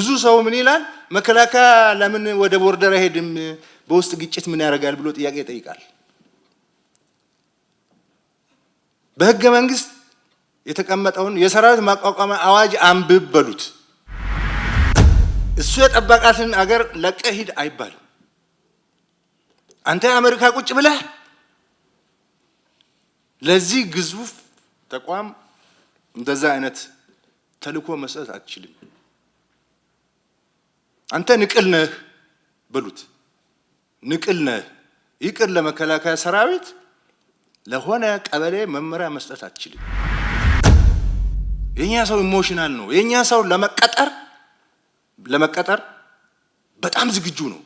ብዙ ሰው ምን ይላል? መከላከያ ለምን ወደ ቦርደር አይሄድም? በውስጥ ግጭት ምን ያደርጋል ብሎ ጥያቄ ይጠይቃል። በህገ መንግስት የተቀመጠውን የሰራዊት ማቋቋሚያ አዋጅ አንብብ በሉት። እሱ የጠበቃትን አገር ለቀሂድ ሂድ አይባልም። አንተ የአሜሪካ ቁጭ ብለህ ለዚህ ግዙፍ ተቋም እንደዛ አይነት ተልኮ መስጠት አትችልም። አንተ ንቅል ነህ በሉት። ንቅል ነህ ይቅር። ለመከላከያ ሰራዊት ለሆነ ቀበሌ መመሪያ መስጠት አትችልም። የእኛ ሰው ኢሞሽናል ነው። የእኛ ሰው ለመቀጠር ለመቀጠር በጣም ዝግጁ ነው።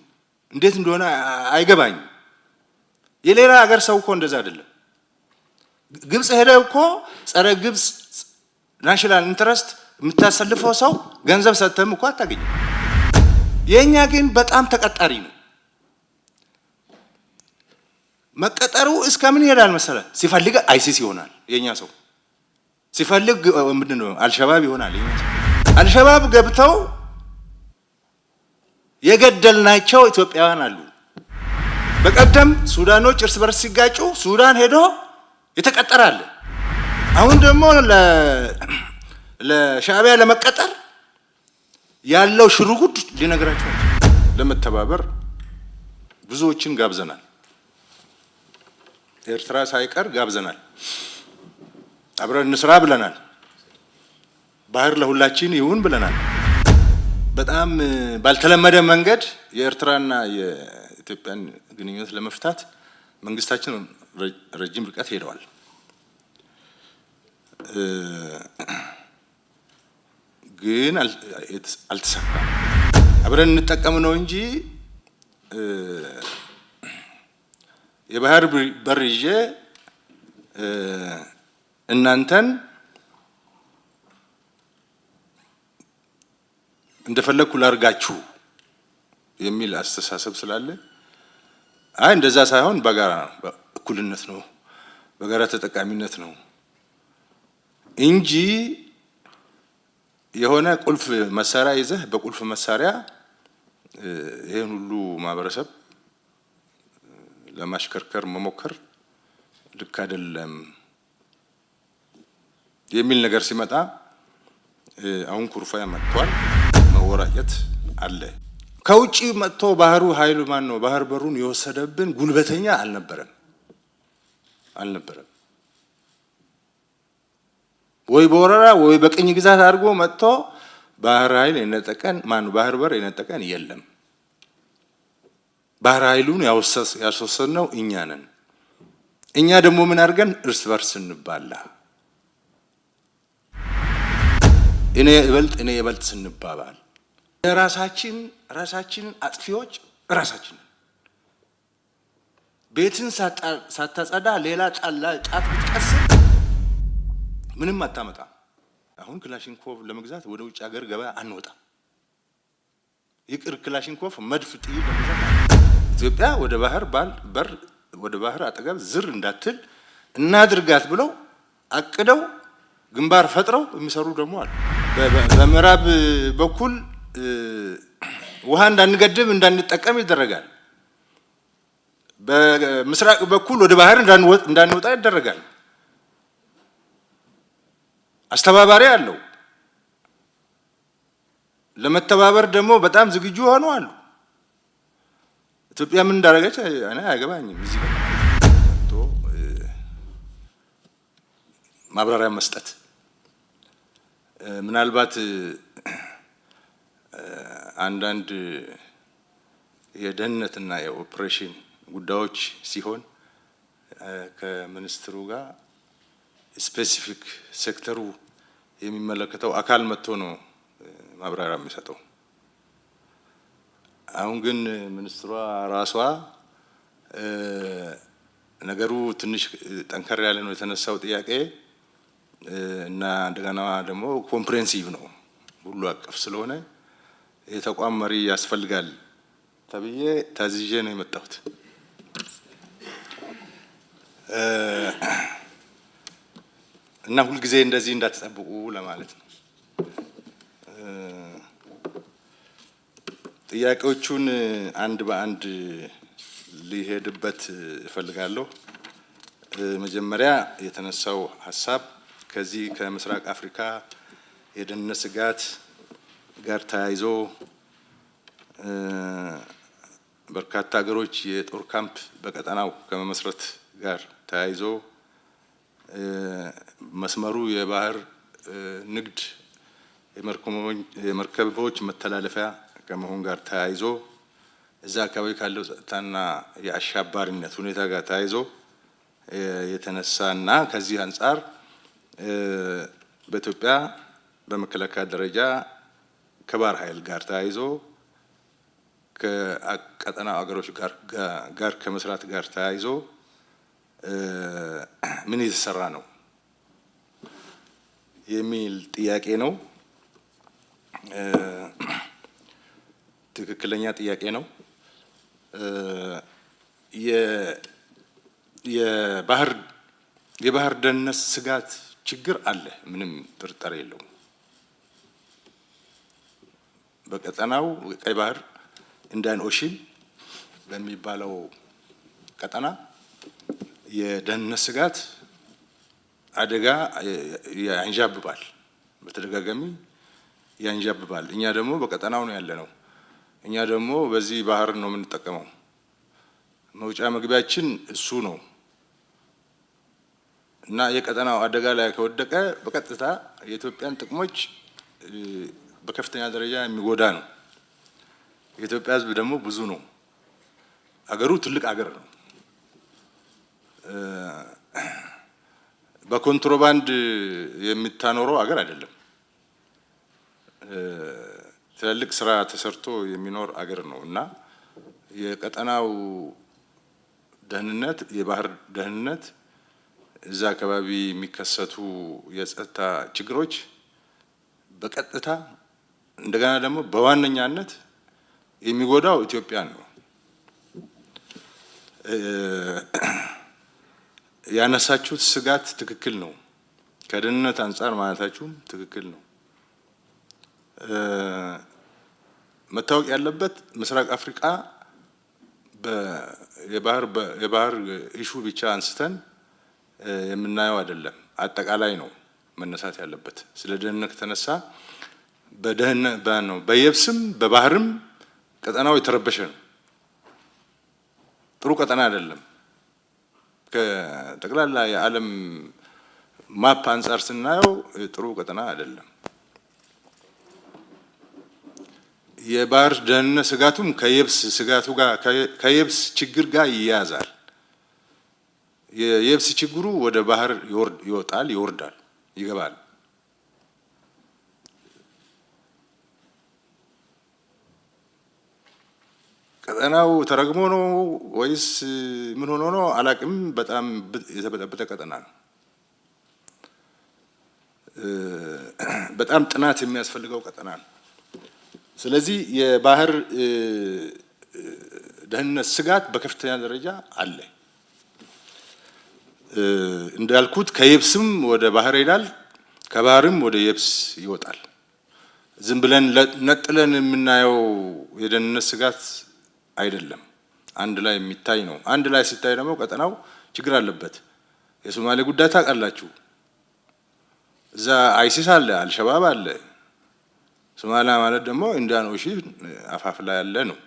እንዴት እንደሆነ አይገባኝም። የሌላ ሀገር ሰው እኮ እንደዛ አይደለም። ግብፅ ሄደ እኮ ጸረ ግብፅ ናሽናል ኢንትረስት የምታሰልፈው ሰው ገንዘብ ሰጥተም እኮ አታገኝም። የእኛ ግን በጣም ተቀጣሪ ነው። መቀጠሩ እስከ ምን ይሄዳል መሰለ? ሲፈልግ አይሲስ ይሆናል የእኛ ሰው፣ ሲፈልግ ምንድን ነው አልሸባብ ይሆናል የእኛ ሰው። አልሸባብ ገብተው የገደልናቸው ኢትዮጵያውያን አሉ። በቀደም ሱዳኖች እርስ በርስ ሲጋጩ ሱዳን ሄዶ የተቀጠራለ። አሁን ደግሞ ለሻዕቢያ ለመቀጠር ያለው ጉድ ሊነግራቸው ለመተባበር ብዙዎችን ጋብዘናል። ኤርትራ ሳይቀር ጋብዘናል። አብረን እንስራ ብለናል። ባህር ለሁላችን ይሁን ብለናል። በጣም ባልተለመደ መንገድ የኤርትራና የኢትዮጵያን ግንኙነት ለመፍታት መንግስታችን ረጅም ርቀት ሄደዋል። ግን አልተሳካም። አብረን እንጠቀም ነው እንጂ የባህር በር ይዤ እናንተን እንደፈለግኩ ላርጋችሁ የሚል አስተሳሰብ ስላለ አይ እንደዛ ሳይሆን በጋራ እኩልነት ነው፣ በጋራ ተጠቃሚነት ነው እንጂ የሆነ ቁልፍ መሳሪያ ይዘህ በቁልፍ መሳሪያ ይህን ሁሉ ማህበረሰብ ለማሽከርከር መሞከር ልክ አይደለም የሚል ነገር ሲመጣ አሁን ኩርፋያ መጥቷል፣ መወራጨት አለ። ከውጭ መጥቶ ባህሩ ኃይሉ ማን ነው ባህር በሩን የወሰደብን ጉልበተኛ አልነበረም አልነበረም። ወይ በወረራ ወይ በቅኝ ግዛት አድርጎ መጥቶ ባህር ኃይል የነጠቀን ማን ባህር በር የነጠቀን የለም። ባህር ኃይሉን ነው እኛ ነን። እኛ ደግሞ ምን አድርገን እርስ በርስ እንባላ እኔ እበልጥ እኔ እበልጥ ስንባባል ራሳችን ራሳችንን አጥፊዎች ራሳችን ቤትን ሳታጸዳ ሌላ ጣላ ጣት ብትቀስል ምንም አታመጣ አሁን ክላሽንኮቭ ለመግዛት ወደ ውጭ ሀገር ገበያ አንወጣም። ይቅር ክላሽንኮቭ መድፍ፣ ጥይት ለመግዛት ኢትዮጵያ ወደ ባህር ባል በር ወደ ባህር አጠገብ ዝር እንዳትል እናድርጋት ብለው አቅደው ግንባር ፈጥረው የሚሰሩ ደግሞ አሉ። በምዕራብ በኩል ውሃ እንዳንገድብ እንዳንጠቀም ይደረጋል። በምስራቅ በኩል ወደ ባህር እንዳንወጣ ይደረጋል። አስተባባሪ አለው። ለመተባበር ደግሞ በጣም ዝግጁ ሆኖ አሉ። ኢትዮጵያ ምን እንዳደረገች እኔ አያገባኝም። እዚህ ማብራሪያ መስጠት ምናልባት አንዳንድ የደህንነትና የኦፕሬሽን ጉዳዮች ሲሆን ከሚኒስትሩ ጋር ስፔሲፊክ ሴክተሩ የሚመለከተው አካል መጥቶ ነው ማብራሪያ የሚሰጠው። አሁን ግን ሚኒስትሯ ራሷ ነገሩ ትንሽ ጠንከር ያለ ነው የተነሳው ጥያቄ እና እንደገና ደግሞ ኮምፕሬንሲቭ ነው ሁሉ አቀፍ ስለሆነ የተቋም መሪ ያስፈልጋል ተብዬ ታዝዤ ነው የመጣሁት። እና ሁልጊዜ እንደዚህ እንዳትጠብቁ ለማለት ነው። ጥያቄዎቹን አንድ በአንድ ሊሄድበት እፈልጋለሁ። መጀመሪያ የተነሳው ሀሳብ ከዚህ ከምስራቅ አፍሪካ የደህንነት ስጋት ጋር ተያይዞ በርካታ ሀገሮች የጦር ካምፕ በቀጠናው ከመመስረት ጋር ተያይዞ መስመሩ የባህር ንግድ የመርከቦች መተላለፊያ ከመሆን ጋር ተያይዞ እዛ አካባቢ ካለው ጸጥታና የአሻባሪነት ሁኔታ ጋር ተያይዞ የተነሳና ከዚህ አንጻር በኢትዮጵያ በመከላከያ ደረጃ ከባህር ኃይል ጋር ተያይዞ ከቀጠናው አገሮች ጋር ከመስራት ጋር ተያይዞ ምን እየተሰራ ነው የሚል ጥያቄ ነው። ትክክለኛ ጥያቄ ነው። የባህር የባህር ደህንነት ስጋት ችግር አለ፣ ምንም ጥርጠር የለውም። በቀጠናው ቀይ ባህር ኢንዲያን ኦሽን በሚባለው ቀጠና የደህንነት ስጋት አደጋ ያንዣብባል፣ በተደጋጋሚ ያንዣብባል። እኛ ደግሞ በቀጠናው ነው ያለነው። እኛ ደግሞ በዚህ ባህር ነው የምንጠቀመው። መውጫ መግቢያችን እሱ ነው እና የቀጠናው አደጋ ላይ ከወደቀ በቀጥታ የኢትዮጵያን ጥቅሞች በከፍተኛ ደረጃ የሚጎዳ ነው። የኢትዮጵያ ሕዝብ ደግሞ ብዙ ነው። አገሩ ትልቅ አገር ነው። በኮንትሮባንድ የሚታኖረው አገር አይደለም። ትላልቅ ስራ ተሰርቶ የሚኖር አገር ነው እና የቀጠናው ደህንነት፣ የባህር ደህንነት፣ እዛ አካባቢ የሚከሰቱ የጸጥታ ችግሮች በቀጥታ እንደገና ደግሞ በዋነኛነት የሚጎዳው ኢትዮጵያን ነው። ያነሳችሁት ስጋት ትክክል ነው። ከደህንነት አንጻር ማለታችሁም ትክክል ነው። መታወቅ ያለበት ምስራቅ አፍሪካ የባህር የባህር ኢሹ ብቻ አንስተን የምናየው አይደለም፣ አጠቃላይ ነው መነሳት ያለበት። ስለ ደህንነት ከተነሳ ነው በየብስም በባህርም ቀጠናው የተረበሸ ነው። ጥሩ ቀጠና አይደለም። ከጠቅላላ የዓለም ማፕ አንጻር ስናየው ጥሩ ቀጠና አይደለም። የባህር ደህንነት ስጋቱም ከየብስ ስጋቱ ጋር ከየብስ ችግር ጋር ይያዛል የየብስ ችግሩ ወደ ባህር ይወጣል፣ ይወርዳል፣ ይገባል። ቀጠናው ተረግሞ ነው ወይስ ምን ሆኖ ነው አላቅም። በጣም የተበጠበጠ ቀጠና ነው። በጣም ጥናት የሚያስፈልገው ቀጠና ነው። ስለዚህ የባህር ደህንነት ስጋት በከፍተኛ ደረጃ አለ። እንዳልኩት ከየብስም ወደ ባህር ይሄዳል፣ ከባህርም ወደ የብስ ይወጣል። ዝም ብለን ነጥለን የምናየው የደህንነት ስጋት አይደለም። አንድ ላይ የሚታይ ነው። አንድ ላይ ሲታይ ደግሞ ቀጠናው ችግር አለበት። የሶማሌ ጉዳይ ታውቃላችሁ። እዛ አይሲስ አለ፣ አልሸባብ አለ። ሶማሊያ ማለት ደግሞ ኢንዲያን ኦሽን አፋፍ ላይ ያለ ነው።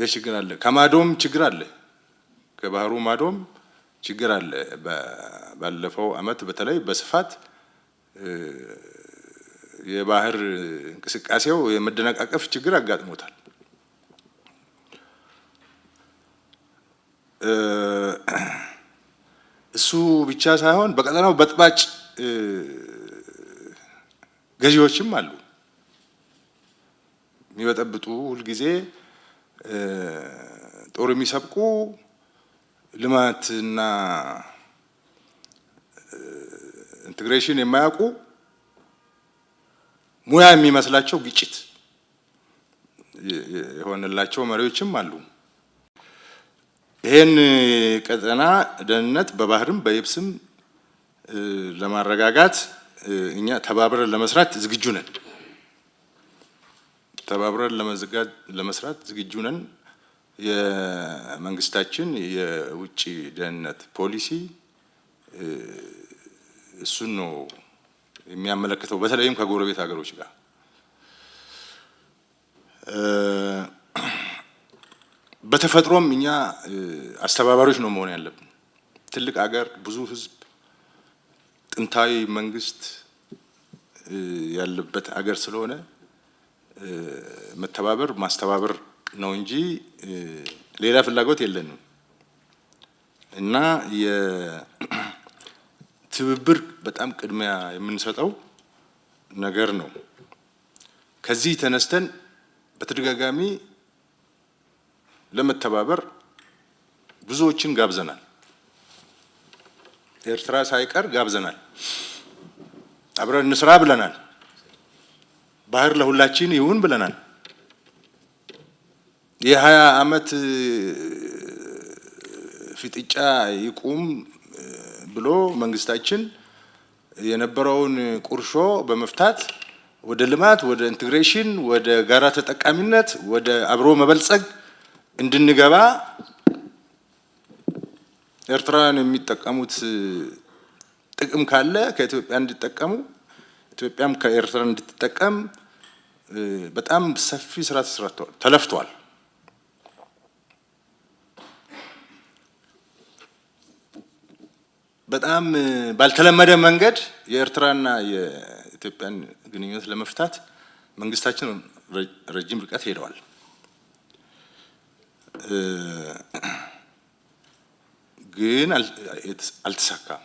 ይህ ችግር አለ። ከማዶም ችግር አለ። ከባህሩ ማዶም ችግር አለ። ባለፈው አመት በተለይ በስፋት የባህር እንቅስቃሴው የመደነቃቀፍ ችግር አጋጥሞታል። እሱ ብቻ ሳይሆን በቀጠናው በጥባጭ ገዢዎችም አሉ። የሚበጠብጡ ሁልጊዜ ጦር የሚሰብቁ ልማትና ኢንቴግሬሽን የማያውቁ ሙያ የሚመስላቸው ግጭት የሆነላቸው መሪዎችም አሉ። ይህን ቀጠና ደህንነት በባህርም በየብስም ለማረጋጋት እኛ ተባብረን ለመስራት ዝግጁ ነን። ተባብረን ለመስራት ዝግጁ ነን። የመንግስታችን የውጭ ደህንነት ፖሊሲ እሱን ነው የሚያመለክተው በተለይም ከጎረቤት ሀገሮች ጋር በተፈጥሮም እኛ አስተባባሪዎች ነው መሆን ያለብን። ትልቅ ሀገር፣ ብዙ ህዝብ፣ ጥንታዊ መንግስት ያለበት ሀገር ስለሆነ መተባበር ማስተባበር ነው እንጂ ሌላ ፍላጎት የለንም እና ትብብር በጣም ቅድሚያ የምንሰጠው ነገር ነው። ከዚህ ተነስተን በተደጋጋሚ ለመተባበር ብዙዎችን ጋብዘናል። ኤርትራ ሳይቀር ጋብዘናል። አብረን እንስራ ብለናል። ባህር ለሁላችን ይሁን ብለናል። የሀያ አመት ፍጥጫ ይቁም ብሎ መንግስታችን የነበረውን ቁርሾ በመፍታት ወደ ልማት፣ ወደ ኢንቴግሬሽን፣ ወደ ጋራ ተጠቃሚነት፣ ወደ አብሮ መበልጸግ እንድንገባ ኤርትራውያን የሚጠቀሙት ጥቅም ካለ ከኢትዮጵያ እንዲጠቀሙ ኢትዮጵያም ከኤርትራ እንድትጠቀም በጣም ሰፊ ስራ ተሰርቷል፣ ተለፍቷል። በጣም ባልተለመደ መንገድ የኤርትራና የኢትዮጵያን ግንኙነት ለመፍታት መንግስታችን ረጅም ርቀት ሄደዋል። ግን አልተሳካም።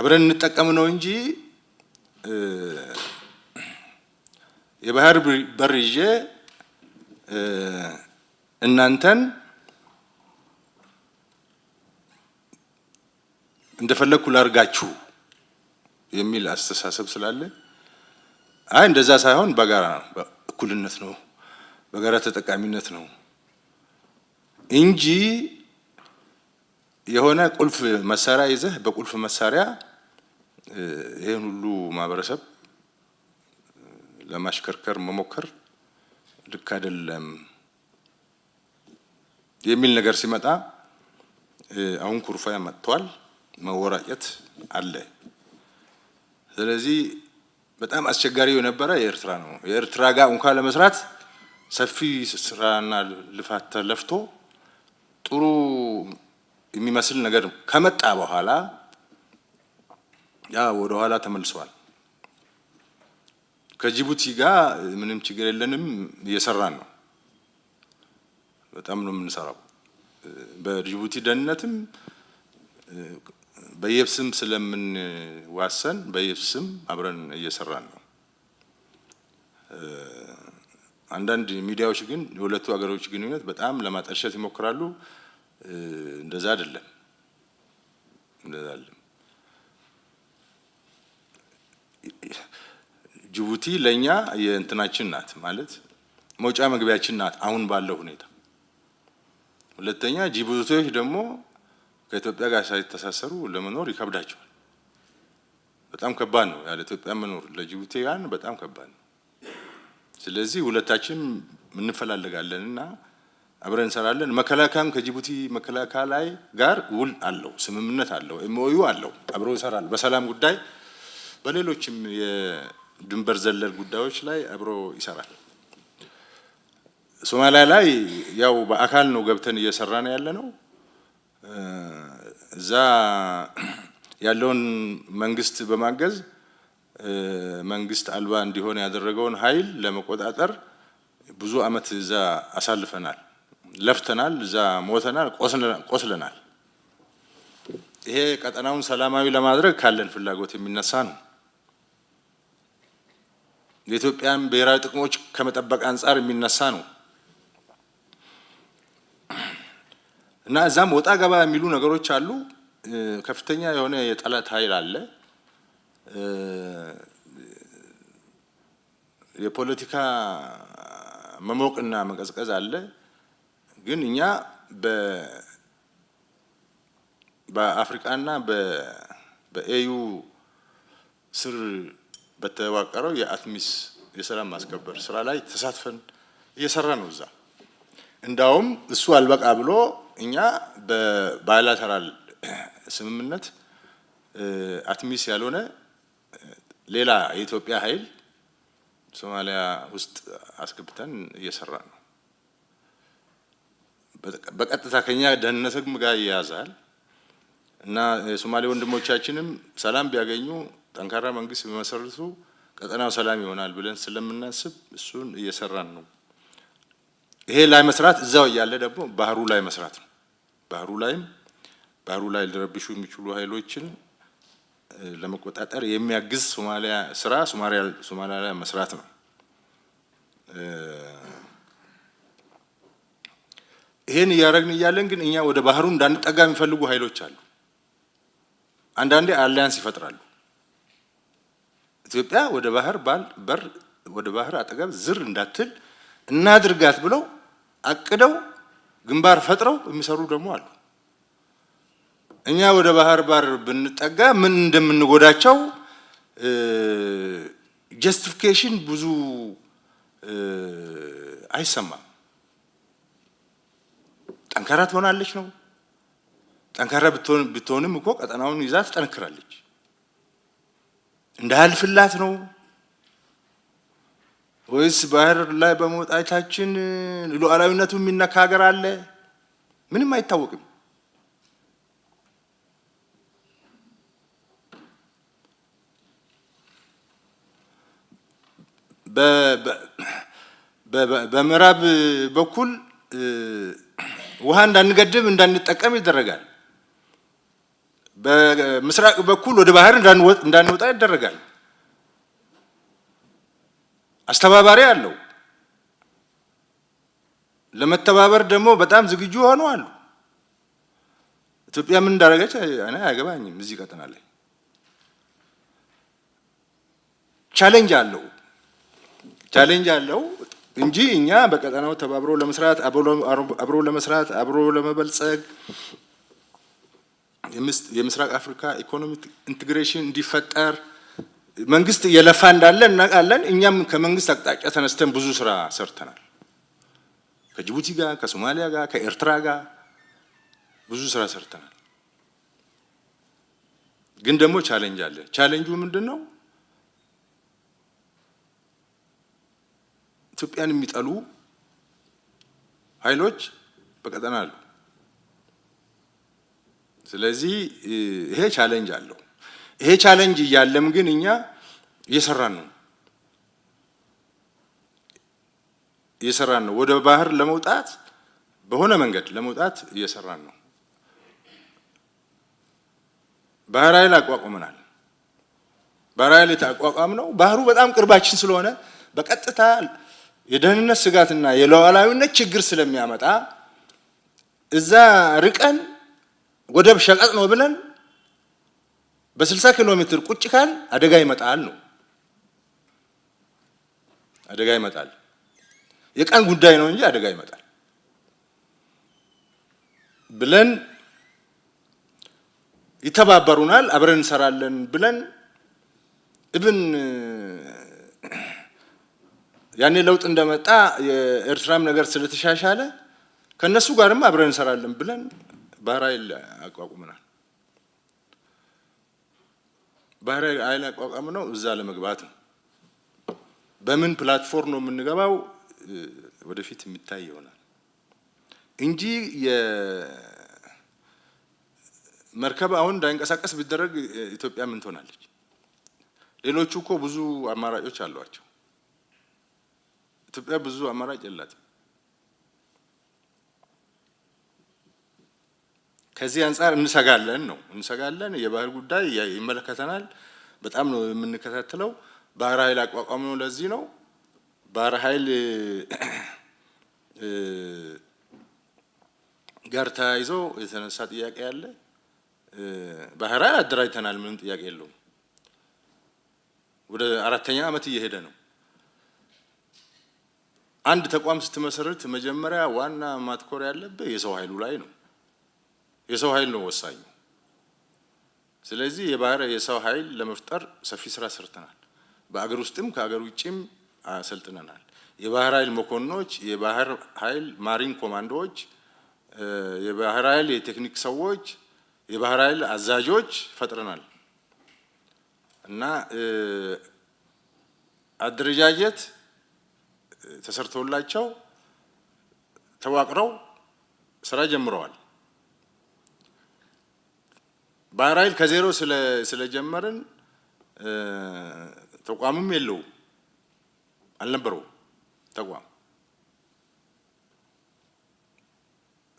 አብረን እንጠቀም ነው እንጂ የባህር በር ይዤ እናንተን እንደፈለግኩ ላርጋችሁ የሚል አስተሳሰብ ስላለ አይ እንደዛ ሳይሆን በጋራ እኩልነት ነው፣ በጋራ ተጠቃሚነት ነው እንጂ የሆነ ቁልፍ መሳሪያ ይዘህ በቁልፍ መሳሪያ ይህን ሁሉ ማህበረሰብ ለማሽከርከር መሞከር ልክ አይደለም የሚል ነገር ሲመጣ አሁን ኩርፊያ መጥቷል። መወራጨት አለ። ስለዚህ በጣም አስቸጋሪ የነበረ የኤርትራ ነው። የኤርትራ ጋር እንኳን ለመስራት ሰፊ ስራና ልፋት ተለፍቶ ጥሩ የሚመስል ነገር ከመጣ በኋላ ያ ወደ ኋላ ተመልሷል። ከጅቡቲ ጋር ምንም ችግር የለንም፣ እየሰራን ነው። በጣም ነው የምንሰራው በጅቡቲ ደህንነትም በየብስም ስለምንዋሰን በየብስም አብረን እየሰራን ነው። አንዳንድ ሚዲያዎች ግን የሁለቱ ሀገሮች ግንኙነት በጣም ለማጠልሸት ይሞክራሉ። እንደዛ አይደለም፣ እንደዛ አይደለም። ጅቡቲ ለእኛ የእንትናችን ናት ማለት መውጫ መግቢያችን ናት አሁን ባለው ሁኔታ። ሁለተኛ ጅቡቲዎች ደግሞ ከኢትዮጵያ ጋር ሳይተሳሰሩ ለመኖር ይከብዳቸዋል። በጣም ከባድ ነው። ያለ ኢትዮጵያ መኖር ለጅቡቲያን በጣም ከባድ ነው። ስለዚህ ሁለታችን እንፈላለጋለን እና አብረን እንሰራለን። መከላከያም ከጅቡቲ መከላከያ ላይ ጋር ውል አለው፣ ስምምነት አለው፣ ኤምኦዩ አለው። አብረው ይሰራል በሰላም ጉዳይ፣ በሌሎችም የድንበር ዘለል ጉዳዮች ላይ አብሮ ይሰራል። ሶማሊያ ላይ ያው በአካል ነው ገብተን እየሰራ ነው ያለ ነው። እዛ ያለውን መንግስት በማገዝ መንግስት አልባ እንዲሆን ያደረገውን ኃይል ለመቆጣጠር ብዙ አመት እዛ አሳልፈናል፣ ለፍተናል፣ እዛ ሞተናል፣ ቆስለናል። ይሄ ቀጠናውን ሰላማዊ ለማድረግ ካለን ፍላጎት የሚነሳ ነው። የኢትዮጵያን ብሔራዊ ጥቅሞች ከመጠበቅ አንጻር የሚነሳ ነው። እና እዛም ወጣ ገባ የሚሉ ነገሮች አሉ። ከፍተኛ የሆነ የጠላት ኃይል አለ። የፖለቲካ መሞቅና መቀዝቀዝ አለ። ግን እኛ በአፍሪቃና በኤዩ ስር በተዋቀረው የአትሚስ የሰላም ማስከበር ስራ ላይ ተሳትፈን እየሰራ ነው። እዛ እንዳውም እሱ አልበቃ ብሎ እኛ በባይላተራል ስምምነት አትሚስ ያልሆነ ሌላ የኢትዮጵያ ኃይል ሶማሊያ ውስጥ አስገብተን እየሰራ ነው። በቀጥታ ከኛ ደህንነትም ጋር ይያዛል እና የሶማሌ ወንድሞቻችንም ሰላም ቢያገኙ ጠንካራ መንግስት ቢመሰርቱ ቀጠናው ሰላም ይሆናል ብለን ስለምናስብ እሱን እየሰራን ነው። ይሄ ላይ መስራት እዛው እያለ ደግሞ ባህሩ ላይ መስራት ነው። ባህሩ ላይም ባህሩ ላይ ሊረብሹ የሚችሉ ኃይሎችን ለመቆጣጠር የሚያግዝ ሶማሊያ ስራ ሶማሊያ ላይ መስራት ነው። ይሄን እያደረግን እያለን ግን እኛ ወደ ባህሩ እንዳንጠጋ የሚፈልጉ ኃይሎች አሉ። አንዳንዴ አሊያንስ ይፈጥራሉ። ኢትዮጵያ ወደ ባህር በር ወደ ባህር አጠገብ ዝር እንዳትል እናድርጋት ብለው አቅደው ግንባር ፈጥረው የሚሰሩ ደግሞ አሉ። እኛ ወደ ባህር ባር ብንጠጋ ምን እንደምንጎዳቸው ጀስቲፊኬሽን ብዙ አይሰማም። ጠንካራ ትሆናለች ነው። ጠንካራ ብትሆንም እኮ ቀጠናውን ይዛ ትጠነክራለች። እንዳያልፍላት ነው። ወይስ ባህር ላይ በመውጣታችን ሉዓላዊነቱ የሚነካ ሀገር አለ? ምንም አይታወቅም። በምዕራብ በኩል ውሃ እንዳንገድብ እንዳንጠቀም ይደረጋል። በምስራቅ በኩል ወደ ባህር እንዳንወጣ ይደረጋል። አስተባባሪ አለው። ለመተባበር ደግሞ በጣም ዝግጁ ሆኖ አሉ። ኢትዮጵያ ምን እንዳደረገች እኔ አያገባኝም። እዚህ ቀጠና ላይ ቻሌንጅ አለው ቻሌንጅ አለው እንጂ እኛ በቀጠናው ተባብሮ ለመስራት አብሮ ለመስራት አብሮ ለመበልጸግ የምስራቅ አፍሪካ ኢኮኖሚክ ኢንትግሬሽን እንዲፈጠር መንግስት እየለፋ እንዳለ እናውቃለን። እኛም ከመንግስት አቅጣጫ ተነስተን ብዙ ስራ ሰርተናል። ከጅቡቲ ጋር፣ ከሶማሊያ ጋር፣ ከኤርትራ ጋር ብዙ ስራ ሰርተናል። ግን ደግሞ ቻሌንጅ አለ። ቻሌንጁ ምንድን ነው? ኢትዮጵያን የሚጠሉ ኃይሎች በቀጠና አሉ። ስለዚህ ይሄ ቻሌንጅ አለው። ይሄ ቻለንጅ እያለም ግን እኛ እየሰራን ነው እየሰራን ነው። ወደ ባህር ለመውጣት በሆነ መንገድ ለመውጣት እየሰራን ነው። ባህር ኃይል አቋቁመናል። ባህር ኃይል የተቋቋም ነው ባህሩ በጣም ቅርባችን ስለሆነ በቀጥታ የደህንነት ስጋትና የሉዓላዊነት ችግር ስለሚያመጣ እዛ ርቀን ወደብ ሸቀጥ ነው ብለን በ60 ኪሎ ሜትር ቁጭ ካል አደጋ ይመጣል ነው አደጋ ይመጣል። የቀን ጉዳይ ነው እንጂ አደጋ ይመጣል ብለን ይተባበሩናል፣ አብረን እንሰራለን ብለን እብን ያኔ ለውጥ እንደመጣ የኤርትራም ነገር ስለተሻሻለ ከነሱ ጋርም አብረን እንሰራለን ብለን ባህር ኃይል አቋቁመናል። ባህራዊ ኃይል አቋቋም ነው እዛ ለመግባት ነው። በምን ፕላትፎርም ነው የምንገባው ወደፊት የሚታይ ይሆናል እንጂ መርከብ አሁን እንዳይንቀሳቀስ ቢደረግ ኢትዮጵያ ምን ትሆናለች? ሌሎቹ እኮ ብዙ አማራጮች አሏቸው። ኢትዮጵያ ብዙ አማራጭ የላትም። ከዚህ አንጻር እንሰጋለን ነው እንሰጋለን። የባህር ጉዳይ ይመለከተናል፣ በጣም ነው የምንከታተለው። ባህር ኃይል አቋቋም ነው። ለዚህ ነው ባህር ኃይል ጋር ተያይዞ የተነሳ ጥያቄ አለ። ባህር ኃይል አደራጅተናል፣ ምንም ጥያቄ የለውም። ወደ አራተኛ ዓመት እየሄደ ነው። አንድ ተቋም ስትመሰርት መጀመሪያ ዋና ማትኮር ያለብህ የሰው ኃይሉ ላይ ነው። የሰው ኃይል ነው ወሳኙ። ስለዚህ የባህር የሰው ኃይል ለመፍጠር ሰፊ ስራ ሰርተናል። በአገር ውስጥም ከአገር ውጭም አሰልጥነናል። የባህር ኃይል መኮንኖች፣ የባህር ኃይል ማሪን ኮማንዶዎች፣ የባህር ኃይል የቴክኒክ ሰዎች፣ የባህር ኃይል አዛዦች ፈጥረናል እና አደረጃጀት ተሰርቶላቸው ተዋቅረው ስራ ጀምረዋል። ባህር ኃይል ከዜሮ ስለጀመርን ተቋምም የለው አልነበረው ተቋም።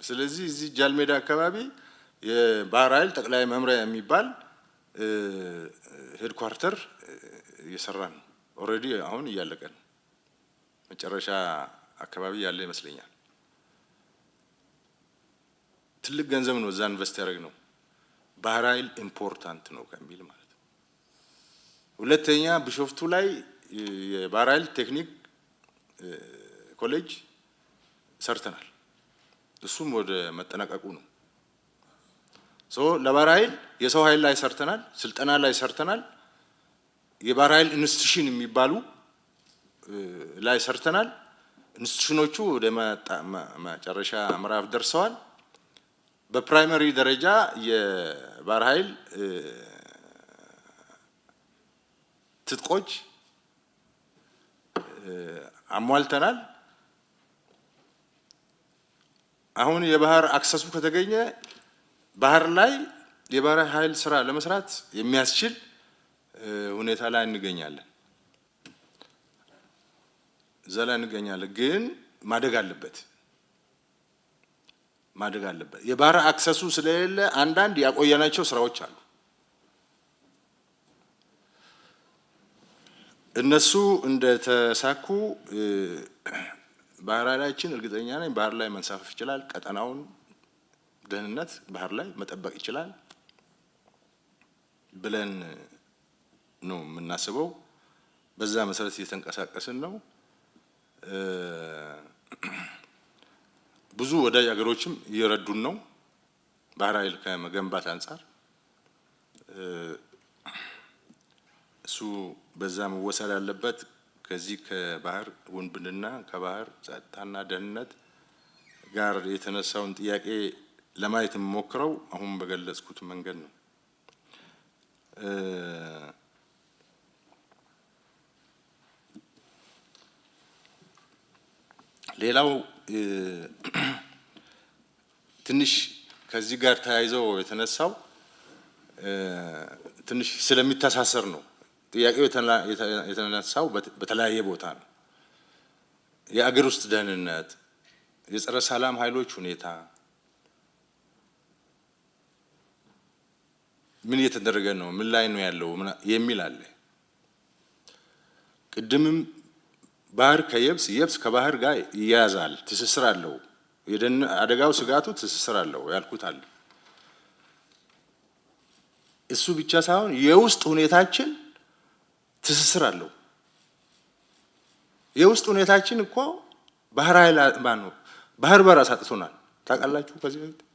ስለዚህ እዚህ ጃልሜዳ አካባቢ የባህር ኃይል ጠቅላይ መምሪያ የሚባል ሄድኳርተር እየሰራ ነው። ኦልሬዲ አሁን እያለቀን መጨረሻ አካባቢ ያለ ይመስለኛል። ትልቅ ገንዘብ ነው እዛ ኢንቨስት ያደረግ ነው። ባህር ኃይል ኢምፖርታንት ነው ከሚል ማለት ነው። ሁለተኛ ቢሾፍቱ ላይ የባህር ኃይል ቴክኒክ ኮሌጅ ሰርተናል። እሱም ወደ መጠናቀቁ ነው። ሶ ለባህር ኃይል የሰው ኃይል ላይ ሰርተናል፣ ስልጠና ላይ ሰርተናል፣ የባህር ኃይል ኢንስቲትዩሽን የሚባሉ ላይ ሰርተናል። ኢንስቲትዩሽኖቹ ወደ መጨረሻ ምዕራፍ ደርሰዋል። በፕራይመሪ ደረጃ የባህር ኃይል ትጥቆች አሟልተናል። አሁን የባህር አክሰሱ ከተገኘ ባህር ላይ የባህር ኃይል ስራ ለመስራት የሚያስችል ሁኔታ ላይ እንገኛለን እዛ ላይ እንገኛለን፣ ግን ማደግ አለበት። ማደግ አለበት። የባህር አክሰሱ ስለሌለ አንዳንድ ያቆየናቸው ስራዎች አሉ። እነሱ እንደተሳኩ ባህር ኃይላችን እርግጠኛ ነኝ ባህር ላይ መንሳፈፍ ይችላል። ቀጠናውን ደህንነት ባህር ላይ መጠበቅ ይችላል ብለን ነው የምናስበው። በዛ መሰረት እየተንቀሳቀስን ነው። ብዙ ወዳጅ ሀገሮችም እየረዱን ነው። ባህር ኃይል ከመገንባት አንጻር እሱ በዛ መወሰድ አለበት። ከዚህ ከባህር ውንብድና ከባህር ጸጥታና ደህንነት ጋር የተነሳውን ጥያቄ ለማየት የምሞክረው አሁን በገለጽኩት መንገድ ነው። ሌላው ትንሽ ከዚህ ጋር ተያይዘው የተነሳው ትንሽ ስለሚተሳሰር ነው። ጥያቄው የተነሳው በተለያየ ቦታ ነው። የአገር ውስጥ ደህንነት፣ የጸረ ሰላም ኃይሎች ሁኔታ ምን እየተደረገ ነው? ምን ላይ ነው ያለው? የሚል አለ። ቅድምም ባህር ከየብስ የብስ ከባህር ጋር ይያያዛል፣ ትስስር አለው። የደን አደጋው ስጋቱ ትስስር አለው ያልኩት አለ። እሱ ብቻ ሳይሆን የውስጥ ሁኔታችን ትስስር አለው። የውስጥ ሁኔታችን እኮ ባህር ኃይል ባህር በራስ አጥቶናል። ታውቃላችሁ ከዚህ በፊት